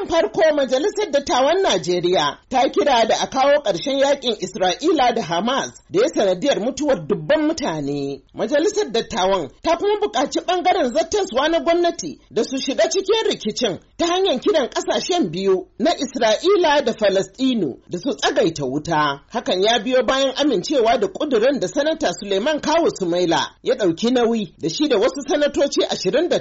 Tun farko Majalisar Dattawan Najeriya ta kira da a kawo ƙarshen yakin Isra'ila da Hamas da ya sanadiyar mutuwar dubban mutane. Majalisar Dattawan ta kuma buƙaci ɓangaren zattaswa na gwamnati da su shiga cikin rikicin ta hanyar kiran ƙasashen biyu na Isra'ila da Falastinu da su tsagaita wuta. Hakan ya biyo bayan amincewa da ƙudurin da Sanata Suleiman Kawu Sumaila ya ɗauki nauyi da shi da wasu sanatoci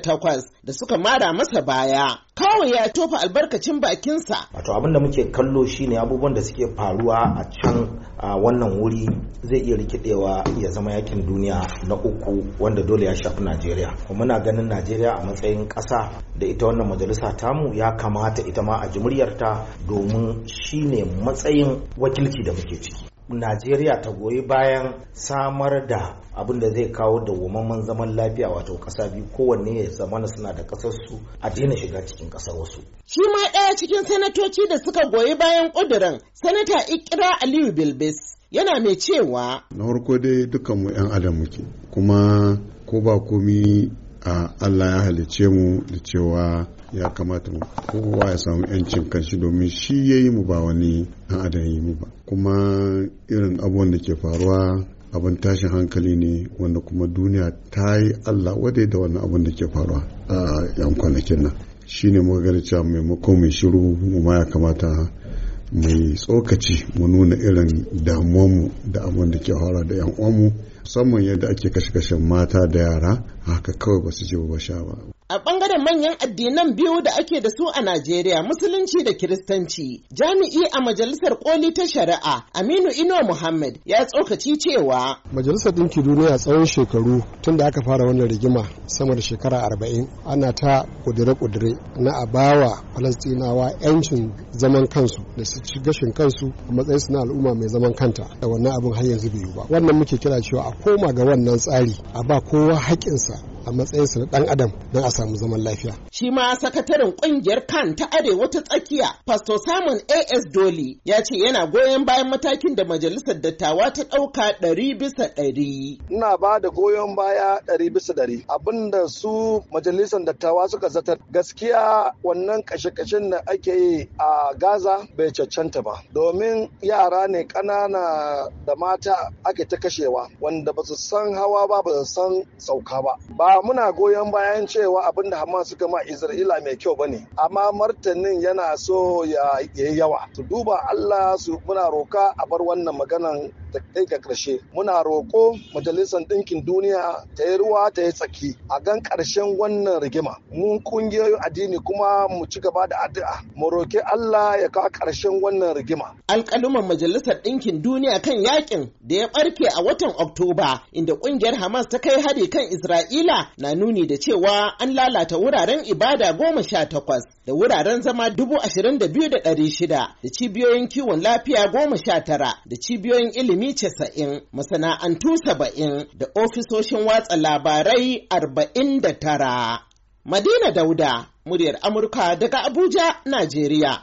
takwas da suka mara masa baya. kawai ya tofa albarkacin bakinsa. Wato abin da muke kallo shine abubuwan da suke faruwa a can a wannan wuri zai iya rikidewa ya zama yakin duniya na uku wanda dole ya shafi Najeriya. Muna ganin Najeriya a matsayin ƙasa da ita wannan majalisa tamu ya kamata ita ma a jimuriyarta domin shine matsayin wakilci da muke ciki. najeriya ta goyi bayan samar da abin da zai kawo da dawwammamen zaman lafiya wato ƙasa biyu kowanne ya zamana suna da ƙasarsu a daina shiga cikin ƙasar wasu. Shi ma ɗaya cikin sanatoci da suka goyi bayan ƙudurin sanata Ikira Aliyu Bilbis yana mai cewa. Na farko dai dukkanmu 'yan adam muke kuma ko ba komi Allah ya halice mu da cewa ya kamata mu kowa ya samu yancin kanshi domin shi ya yi mu ba wani An adam yi mu ba kuma irin abubuwan da ke faruwa abin tashin hankali ne wanda kuma duniya ta yi Allah wadai da wannan abin da ke faruwa a yan kwanakin nan shi ne muka gani cewa maimakon mai shiru mu ma ya kamata mai tsokaci mu nuna irin damuwanmu da abin da ke faruwa da yan uwanmu musamman yadda ake kashe-kashen mata da yara haka kawai ba su ji ba sha ba. A ɓangaren manyan addinan biyu da ake da su a Najeriya, Musulunci da Kiristanci, jami'i a Majalisar Koli ta Shari'a, Aminu Ino Muhammad ya tsokaci cewa. Majalisar Ɗinki Duniya tsawon shekaru tun da aka fara wannan rigima sama da shekara arba'in ana ta ƙudire-ƙudire na a bawa Falastinawa 'yancin zaman kansu da su gashin kansu a matsayin su na al'umma mai zaman kanta da wannan abin har yanzu bai yi ba. Wannan muke kira cewa a koma ga wannan tsari a ba kowa haƙƙinsa a matsayinsa na dan adam don a samu zaman lafiya. Shi ma sakataren kungiyar kan ta arewa ta tsakiya Pastor Simon AS Doli ya ce yana goyon bayan matakin da majalisar dattawa ta ɗauka ɗari bisa ɗari. Ina ba da goyon baya ɗari bisa ɗari abinda su majalisar dattawa suka zata. gaskiya wannan kashe-kashen da ake yi a Gaza bai cancanta ba domin yara ne ƙanana da mata ake ta kashewa wanda ba su san hawa ba ba su san sauka ba. Ba muna goyon bayan cewa abin da Hamas suka ma Isra'ila mai kyau ba ne. amma martanin yana so ya yi yawa su duba Allah su muna roka a bar wannan maganan ta kai ga ƙarshe muna roƙo majalisar ɗinkin duniya ta yi ruwa ta yi tsaki a gan ƙarshen wannan rigima mun ƙungiyoyin addini kuma mu ci gaba da addu'a mu roƙi Allah ya kawo ƙarshen wannan rigima alƙaluman majalisar ɗinkin duniya kan yakin da ya ɓarke a watan Oktoba inda ƙungiyar Hamas ta kai hari kan Isra'ila na nuni da cewa an lalata wuraren ibada goma sha takwas da wuraren zama dubu ashirin da biyu da ɗari shida da cibiyoyin kiwon lafiya goma sha tara da cibiyoyin ilimi casa'in masana'antu saba'in da ofisoshin watsa labarai arba'in da tara. Madina Dauda, muryar Amurka daga Abuja, Najeriya.